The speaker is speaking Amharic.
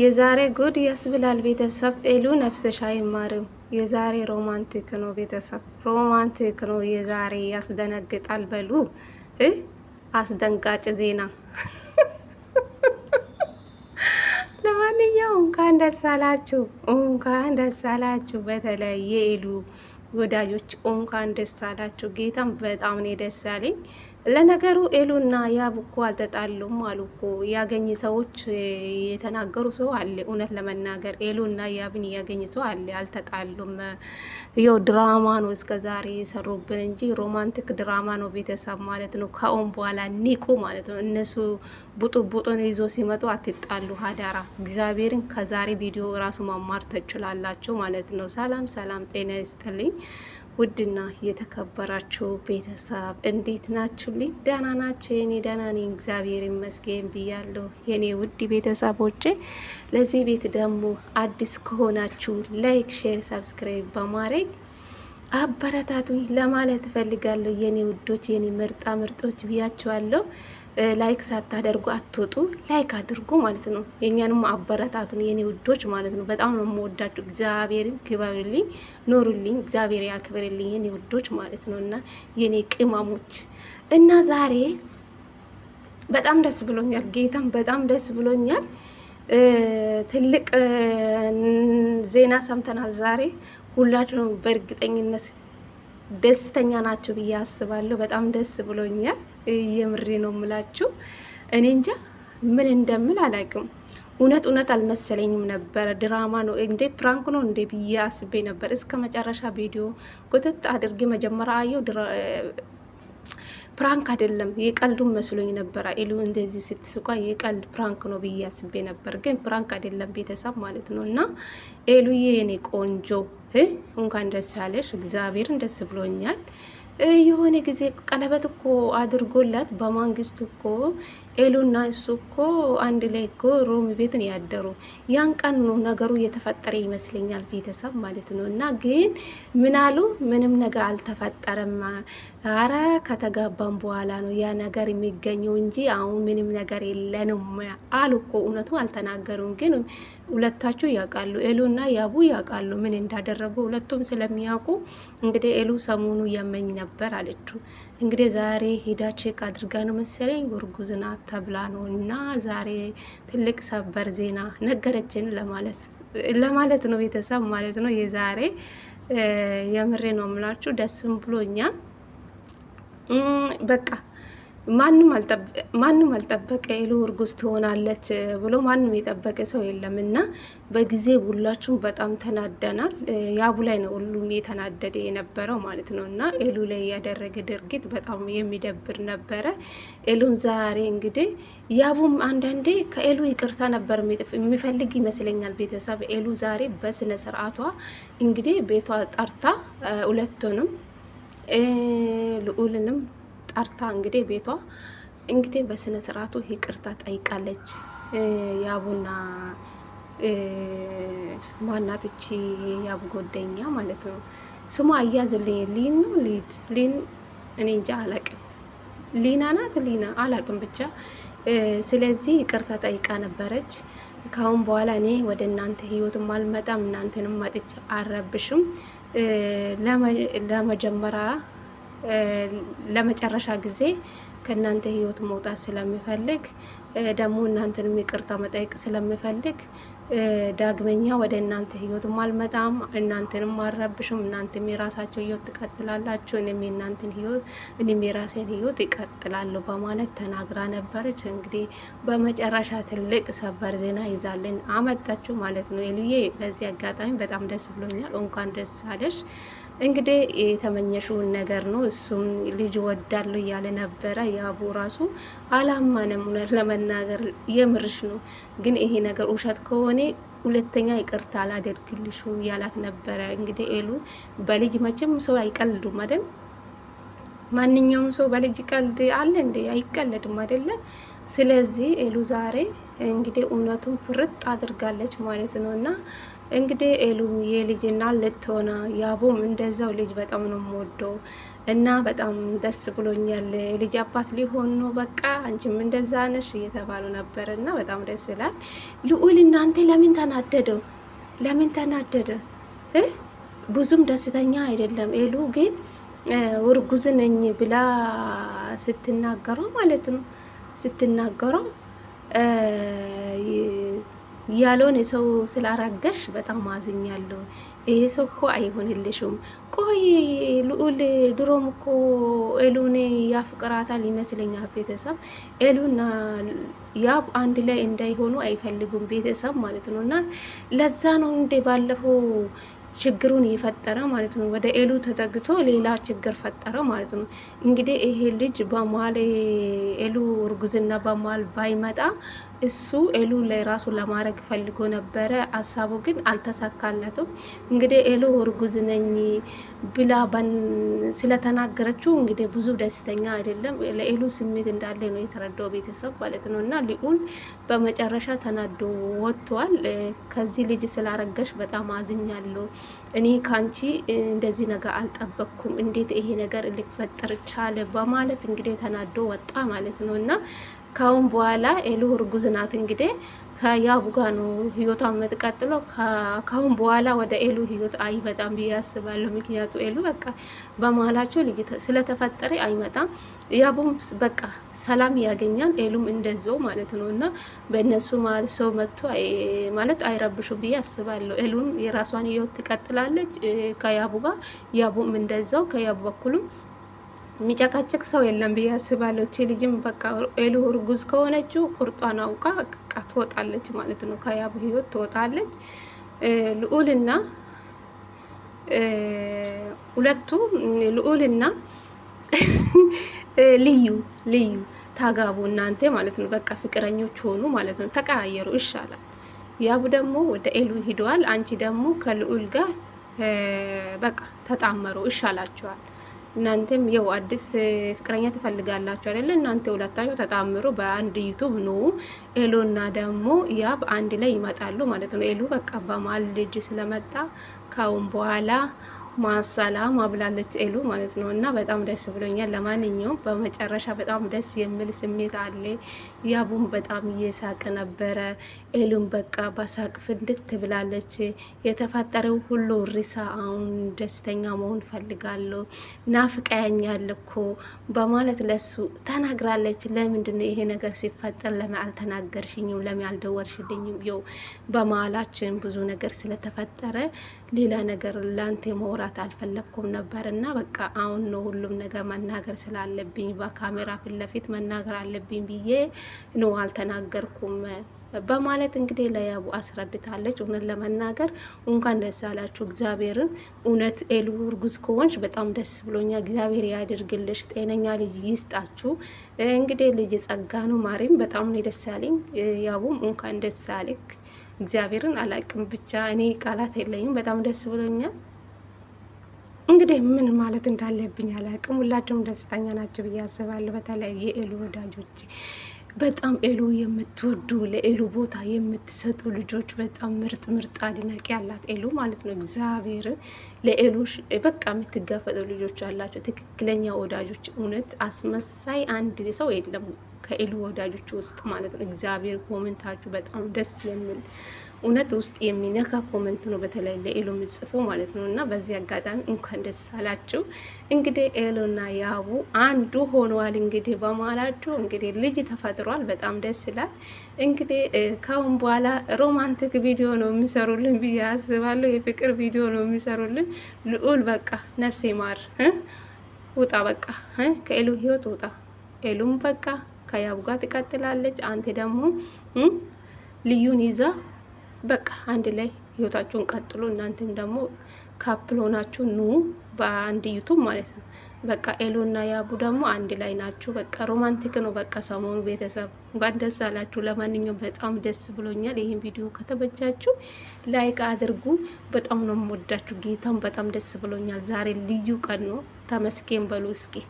የዛሬ ጉድ ያስብላል ቤተሰብ። ኤሉ ነፍስሽ አይማርም። የዛሬ ሮማንቲክ ነው ቤተሰብ፣ ሮማንቲክ ነው የዛሬ። ያስደነግጣል። በሉ አስደንጋጭ ዜና። ለማንኛውም እንኳን ደስ አላችሁ፣ እንኳን ደስ አላችሁ። በተለይ የኤሉ ወዳጆች እንኳን ደስ አላችሁ። ጌታም በጣም ነው ደስ ያለኝ። ለነገሩ ኤሉና ያብ እኮ አልተጣሉም አሉ እኮ ያገኝ ሰዎች የተናገሩ ሰው አለ። እውነት ለመናገር ኤሉና ያብን ያገኝ ሰው አለ። አልተጣሉም። ይኸው ድራማ ነው እስከ ዛሬ የሰሩብን እንጂ ሮማንቲክ ድራማ ነው ቤተሰብ ማለት ነው። ከአሁን በኋላ ኒቁ ማለት ነው። እነሱ ቡጡ ቡጡን ይዞ ሲመጡ አትጣሉ። ሀዳራ እግዚአብሔርን ከዛሬ ቪዲዮ ራሱ መማር ትችላላቸው ማለት ነው። ሰላም ሰላም፣ ጤና ይስጥልኝ ውድና የተከበራችሁ ቤተሰብ እንዴት ናችሁልኝ? ደህና ናቸው የኔ ደህና ነኝ እግዚአብሔር ይመስገን ብያለሁ። የኔ ውድ ቤተሰቦቼ ለዚህ ቤት ደግሞ አዲስ ከሆናችሁ ላይክ፣ ሼር፣ ሰብስክራይብ በማድረግ አበረታቱኝ ለማለት እፈልጋለሁ። የኔ ውዶች የኔ ምርጣ ምርጦች ብያችኋለሁ። ላይክ ሳታደርጉ አትወጡ። ላይክ አድርጉ ማለት ነው። የእኛንም አበረታቱን የኔ ውዶች ማለት ነው። በጣም ነው የምወዳችሁ። እግዚአብሔርን ክበርልኝ፣ ኖሩልኝ፣ እግዚአብሔር ያክብርልኝ የኔ ውዶች ማለት ነው እና የኔ ቅመሞች እና ዛሬ በጣም ደስ ብሎኛል። ጌታም በጣም ደስ ብሎኛል። ትልቅ ዜና ሰምተናል ዛሬ። ሁላችሁ በእርግጠኝነት ደስተኛ ናቸው ብዬ አስባለሁ። በጣም ደስ ብሎኛል። የምሬ ነው የምላችሁ። እኔ እንጃ ምን እንደምል አላውቅም። እውነት እውነት አልመሰለኝም ነበረ። ድራማ ነው እንዴ ፕራንክ ነው እንዴ ብዬ አስቤ ነበር። እስከ መጨረሻ ቪዲዮ ቁጥጥ አድርጌ መጀመሪያ አየው ፕራንክ አይደለም የቀልዱን መስሎኝ ነበረ። ኢሉ እንደዚህ ስትስቋ የቀልድ ፕራንክ ነው ብዬ አስቤ ነበር፣ ግን ፕራንክ አይደለም ቤተሰብ ማለት ነው። እና ኤሉዬ የኔ ቆንጆ እንኳን ደስ ያለሽ እግዚአብሔርን ደስ ብሎኛል። የሆነ ጊዜ ቀለበት እኮ አድርጎላት በማንግስት እኮ ኤሉና እሱ እኮ አንድ ላይ እኮ ሮሚ ቤትን ያደሩ። ያን ቀን ነው ነገሩ እየተፈጠረ ይመስለኛል፣ ቤተሰብ ማለት ነው። እና ግን ምናሉ ምንም ነገር አልተፈጠረም። አረ ከተጋባም በኋላ ነው ያ ነገር የሚገኘው እንጂ አሁን ምንም ነገር የለንም አሉ እኮ። እውነቱ አልተናገሩም፣ ግን ሁለታቸው ያውቃሉ። ኤሉና ያቡ ያውቃሉ ምን እንዳደረጉ ሁለቱም ስለሚያውቁ እንግዲህ ኤሉ ሰሞኑ የመኝ ነበር አለችው። እንግዲህ ዛሬ ሄዳ ቼክ አድርጋ ነው መሰለኝ እርጉዝ ናት ተብላ ነው እና ዛሬ ትልቅ ሰበር ዜና ነገረችን ለማለት ለማለት ነው ቤተሰብ ማለት ነው። የዛሬ የምሬ ነው የምላችሁ ደስም ብሎኛል በቃ ማንም አልጠበቀ ሄሉ እርጉዝ ትሆናለች ብሎ ማንም የጠበቀ ሰው የለም። እና በጊዜ ሁላችሁም በጣም ተናደናል። ያቡ ላይ ነው ሁሉም የተናደደ የነበረው ማለት ነው። እና ሄሉ ላይ ያደረገ ድርጊት በጣም የሚደብር ነበረ። ሄሉም ዛሬ እንግዲህ ያቡም አንዳንዴ ከሄሉ ይቅርታ ነበር የሚፈልግ ይመስለኛል። ቤተሰብ ሄሉ ዛሬ በስነ ስርዓቷ እንግዲህ ቤቷ ጠርታ ሁለቱንም ልዑልንም ጠርታ እንግዲህ ቤቷ እንግዲህ በስነ ስርዓቱ ይቅርታ ጠይቃለች። የአቡና ማናት እቺ የአቡ ጎደኛ ማለት ነው ስሟ አያዝልኝ ሊን ነው ሊድ ሊን እኔ እንጃ አላቅም። ሊና ናት ሊና አላቅም ብቻ ስለዚህ ይቅርታ ጠይቃ ነበረች። ካሁን በኋላ እኔ ወደ እናንተ ህይወትም አልመጣም፣ እናንተንም መጥቼ አልረብሽም ለመጀመሪያ ለመጨረሻ ጊዜ ከእናንተ ህይወት መውጣት ስለሚፈልግ ደግሞ እናንተን ይቅርታ መጠየቅ ስለሚፈልግ ዳግመኛ ወደ እናንተ ህይወትም አልመጣም፣ እናንተንም አልረብሽም። እናንተም የራሳቸው ህይወት ትቀጥላላችሁ፣ እኔም የእናንተን ህይወት እኔም የራሴን ህይወት ይቀጥላለሁ በማለት ተናግራ ነበረች። እንግዲህ በመጨረሻ ትልቅ ሰበር ዜና ይዛልን አመጣችሁ ማለት ነው። የልዬ በዚህ አጋጣሚ በጣም ደስ ብሎኛል። እንኳን ደስ አለሽ። እንግዲህ የተመኘሽውን ነገር ነው። እሱም ልጅ ወዳለሁ እያለ ነበረ። የአቡ ራሱ አላማንም። እውነት ለመናገር የምርሽ ነው፣ ግን ይሄ ነገር ውሸት ከሆነ ሁለተኛ ይቅርታ አላደርግልሽም እያላት ነበረ። እንግዲህ ኤሉ በልጅ መቼም ሰው አይቀልዱም አይደል? ማንኛውም ሰው በልጅ ቀልድ አለ እንዴ? አይቀለድም አይደለ? ስለዚህ ኤሉ ዛሬ እንግዲህ እውነቱን ፍርጥ አድርጋለች ማለት ነው። እና እንግዲህ ኤሉ የልጅና ልትሆና ያቡም እንደዛው ልጅ በጣም ነው የምወደው እና በጣም ደስ ብሎኛል፣ የልጅ አባት ሊሆን ነው በቃ አንቺም እንደዛ ነሽ እየተባሉ ነበር እና በጣም ደስ ይላል። ልዑል እናንተ ለምን ተናደደው? ለምን ተናደደ? ብዙም ደስተኛ አይደለም ኤሉ ግን እርጉዝ ነኝ ብላ ስትናገረው ማለት ነው ስትናገረው ያለውን የሰው ስላራገሽ በጣም አዝኛለሁ። ይሄ ሰው እኮ አይሆንልሽም። ቆይ ልዑል ድሮም እኮ ኤሉን ያፍቅራታል ይመስለኛል። ቤተሰብ ኤሉና ያብ አንድ ላይ እንዳይሆኑ አይፈልጉም ቤተሰብ ማለት ነው። እና ለዛ ነው እንዴ ባለፈው ችግሩን የፈጠረ ማለት ነው። ወደ ኤሉ ተጠግቶ ሌላ ችግር ፈጠረ ማለት ነው። እንግዲህ ይሄ ልጅ በመሀል ኤሉ እርጉዝና በመሀል ባይመጣ እሱ ኤሉ ላይ ራሱ ለማድረግ ፈልጎ ነበረ። ሀሳቡ ግን አልተሳካለትም። እንግዲህ ኤሉ እርጉዝ ነኝ ብላ ስለተናገረችው እንግዲህ ብዙ ደስተኛ አይደለም። ለኤሉ ስሜት እንዳለ ነው የተረዳው ቤተሰብ ማለት ነው። እና ልዑል በመጨረሻ ተናዶ ወጥቷል። ከዚህ ልጅ ስላረገሽ በጣም አዝኛለሁ። እኔ ካንቺ እንደዚህ ነገር አልጠበቅኩም። እንዴት ይሄ ነገር ሊፈጠር ቻለ? በማለት እንግዲህ ተናዶ ወጣ ማለት ነው እና ካሁን በኋላ ኤሉ እርጉዝ ናት። እንግዲህ ከያቡ ጋር ነው ህይወቷ መጥቀጥሎ ካሁን በኋላ ወደ ኤሉ ህይወት አይመጣም ብዬ አስባለሁ። ምክንያቱ ኤሉ በቃ በመሀላቸው ልጅ ስለተፈጠረ አይመጣም። ያቡም በቃ ሰላም ያገኛል፣ ኤሉም እንደዛው ማለት ነው። እና በእነሱ መሀል ሰው መጥቶ ማለት አይረብሹ ብዬ አስባለሁ። ኤሉም የራሷን ህይወት ትቀጥላለች ከያቡ ጋር፣ ያቡም እንደዛው ከያቡ በኩሉም የሚጨቃጭቅ ሰው የለም ብዬ አስባለሁ። እቺ ልጅም በቃ ኤሉ እርጉዝ ከሆነችው ቁርጧን አውቃ ቃ ትወጣለች ማለት ነው። ከያቡ ህይወት ትወጣለች። ልዑልና ሁለቱ ልዑልና ልዩ ልዩ ታጋቡ እናንተ ማለት ነው። በቃ ፍቅረኞች ሆኑ ማለት ነው። ተቀያየሩ ይሻላል። ያቡ ደግሞ ወደ ኤሉ ሂደዋል። አንቺ ደግሞ ከልዑል ጋር በቃ ተጣመሩ ይሻላችኋል። እናንተም የው አዲስ ፍቅረኛ ትፈልጋላችሁ አይደለ? እናንተ ሁለታችሁ ተጣምሮ በአንድ ዩቱብ ኑ። ኤሎና ደግሞ ያ አንድ ላይ ይመጣሉ ማለት ነው። ኤሎ በቃ በማል ልጅ ስለመጣ ካሁን በኋላ ማሰላም አብላለች ኤሉ ማለት ነው። እና በጣም ደስ ብሎኛል። ለማንኛውም በመጨረሻ በጣም ደስ የሚል ስሜት አለ። ያቡም በጣም እየሳቀ ነበረ። ኤሉም በቃ በሳቅ ፍንድት ብላለች። የተፈጠረው ሁሉ ሪሳ፣ አሁን ደስተኛ መሆን ፈልጋለሁ፣ ናፍቀኛል እኮ በማለት ለሱ ተናግራለች። ለምንድነው ይሄ ነገር ሲፈጠር ለምን አልተናገርሽኝም? ለምን አልደወርሽልኝም? ው በመሀላችን ብዙ ነገር ስለተፈጠረ ሌላ ነገር ለአንተ መውራት አልፈለግኩም ነበር እና በቃ አሁን ነው ሁሉም ነገር መናገር ስላለብኝ በካሜራ ፊት ለፊት መናገር አለብኝ ብዬ ነው አልተናገርኩም በማለት እንግዲህ ለያቡ አስረድታለች። እውነት ለመናገር እንኳን ደስ አላችሁ። እግዚአብሔርን እውነት ኤሉ እርጉዝ ከሆንሽ በጣም ደስ ብሎኛ። እግዚአብሔር ያድርግልሽ፣ ጤነኛ ልጅ ይስጣችሁ። እንግዲህ ልጅ ጸጋ ነው። ማሪም በጣም ነው ደስ ያለኝ። ያቡም እንኳን ደስ አለክ። እግዚአብሔርን አላቅም። ብቻ እኔ ቃላት የለኝም። በጣም ደስ ብሎኛል። እንግዲህ ምን ማለት እንዳለብኝ አላቅም። ሁላቸውም ደስተኛ ናቸው ብዬ አስባለሁ። በተለይ የእሉ ወዳጆች በጣም ኤሉ የምትወዱ ለኤሉ ቦታ የምትሰጡ ልጆች በጣም ምርጥ ምርጥ አድናቂ ያላት ኤሉ ማለት ነው። እግዚአብሔርን ለኤሉ በቃ የምትጋፈጡ ልጆች አላቸው፣ ትክክለኛ ወዳጆች። እውነት አስመሳይ አንድ ሰው የለም ከኤሉ ወዳጆች ውስጥ ማለት ነው። እግዚአብሔር ኮመንታችሁ በጣም ደስ የሚል እውነት ውስጥ የሚነካ ኮመንት ነው፣ በተለይ ለኤሎ ምጽፎ ማለት ነው። እና በዚህ አጋጣሚ እንኳን ደስ አላችሁ። እንግዲህ ኤሎና ያቡ አንዱ ሆነዋል። እንግዲህ በማላቸው እንግዲህ ልጅ ተፈጥሯል። በጣም ደስ ይላል። እንግዲህ ካሁን በኋላ ሮማንቲክ ቪዲዮ ነው የሚሰሩልን ብዬ አስባለሁ። የፍቅር ቪዲዮ ነው የሚሰሩልን። ልዑል በቃ ነፍሴ ማር ውጣ፣ በቃ ከኤሎ ህይወት ውጣ። ኤሎም በቃ ከያቡ ጋር ትቀጥላለች። አንተ ደግሞ ልዩን ይዛ በቃ አንድ ላይ ህይወታችሁን ቀጥሎ እናንተም ደግሞ ካፕል ሆናችሁ ኑ በአንድ ዩቱብ ማለት ነው። በቃ ኤሎና ያቡ ደግሞ አንድ ላይ ናችሁ። በቃ ሮማንቲክ ነው። በቃ ሰሞኑ ቤተሰብ እንኳን ደስ አላችሁ። ለማንኛውም በጣም ደስ ብሎኛል። ይህን ቪዲዮ ከተበጃችሁ ላይክ አድርጉ። በጣም ነው የምወዳችሁ። ጌታም በጣም ደስ ብሎኛል። ዛሬ ልዩ ቀን ነው። ተመስገን በሉ እስኪ